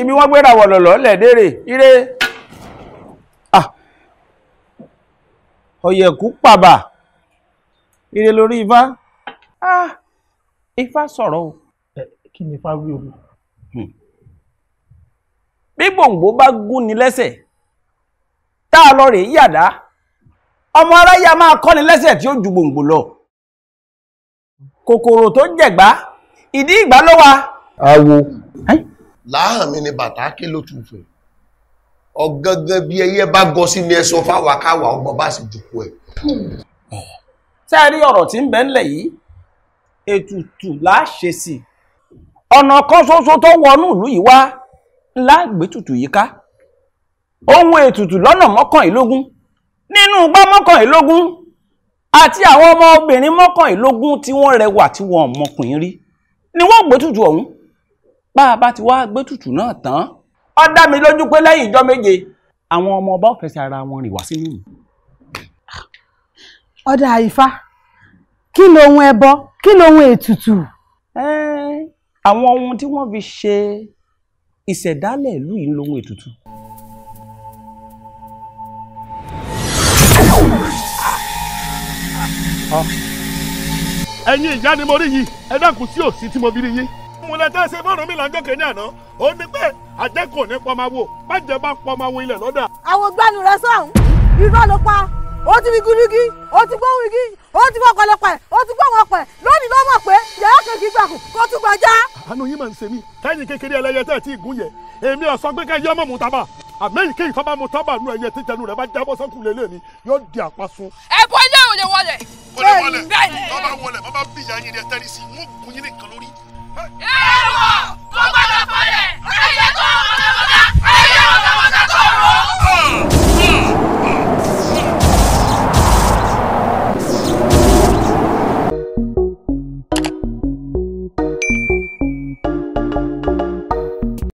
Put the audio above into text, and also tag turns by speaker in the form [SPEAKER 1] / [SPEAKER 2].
[SPEAKER 1] ibi wọ́n gbéra wọ̀lọ̀lọ̀ lẹ̀dẹ́rẹ̀ ire ọ̀yẹ̀kú pàbà ire lórí ifá ifá sọ̀rọ̀ o. kí ni ifá wí o. Hmm. bí gbòǹgbò bá gún ni lẹ́sẹ̀ tá a lọ rè é yàdá ọmọ aráyà máa kọ́ ni lẹ́sẹ̀ tí ó ju gbòǹgbò lọ kòkòrò tó jẹ̀gbá ìdí ìgbà ló wà. awo. Hey? láhàn mi ni bàtà ké ló tún fẹ́ ọ̀gangan bí ẹyẹ bá gọ sí ni ẹ sọ fáwa káwa ọmọ bá sì jòkó ẹ. ṣé ẹ rí ọ̀rọ̀ tí ń bẹ ńlẹ̀ yìí ètùtù láṣẹ sí ọ̀nà kan ṣoṣo tó wọnú ìlú yìí wá lágbètùtù yìí ká ohun ètùtù lọ́nà mọ́kànlélógún nínú igbá mọ́kànlélógún àti àwọn ọmọ obìnrin mọ́kànlélógún tí wọ́n rẹwà tí wọ́n mọkùnrin rí ni wọ́n gbẹ́tùtù ọ̀hún bá a bá ti wá gbẹ́tùtù náà tán ó dá mi lójú pé lẹ́yìn ìjọ méje àwọn ọmọ ọba ò fẹsẹ̀ ara wọn rìn wá sínú ìlú. ọ̀dà Ifá kí lohun ẹbọ kí lohun ètùtù. àwọn ohun tí wọ́n fi ṣe ìṣẹ̀dálẹ̀ ìlú yìí lohun ètùtù.
[SPEAKER 2] ẹ̀yin ìyá ni mo rí yìí ẹ dákun sí òsì tí mo bí rí yín múlẹ̀ tẹ́ ṣe fọ́ọ̀rùn mi là ń gòkè ní àná ó ní pé àjẹkùn ní pọmawo bàjẹ́ bá pọmawo ilẹ̀ lọ́dà. àwọn gbanu rẹ sọhùn irọ́ ló pa ó ti fi gúdúgí ó ti gbóhùn igi ó ti fọ́ ọ̀pọ̀lọpọ̀ ẹ̀ ó ti gbóhùn ọ̀pọ̀ ẹ̀ lónìí ló mọ̀ pé yàrá kejì gbàkùn kó tún gbàjá. àánú yín máa ń ṣe mí táyì kékeré ẹlẹ́yẹ tẹ́ ẹ̀ tí ì gún yẹ èmi ọ̀sán pé ká yọ ọmọ mu tábà àmẹ́yìn kéyìí tó bá tábà nù ẹ̀yẹ tí jẹnu bá jábọ́ sẹ́kù lélẹ̀ mi yóò di àpasun. ẹ bọ ilé òye wọlé. wọlé wọlé bàbá wọlé bàbá bíyà yín ni ẹ tẹ́lí Ewa!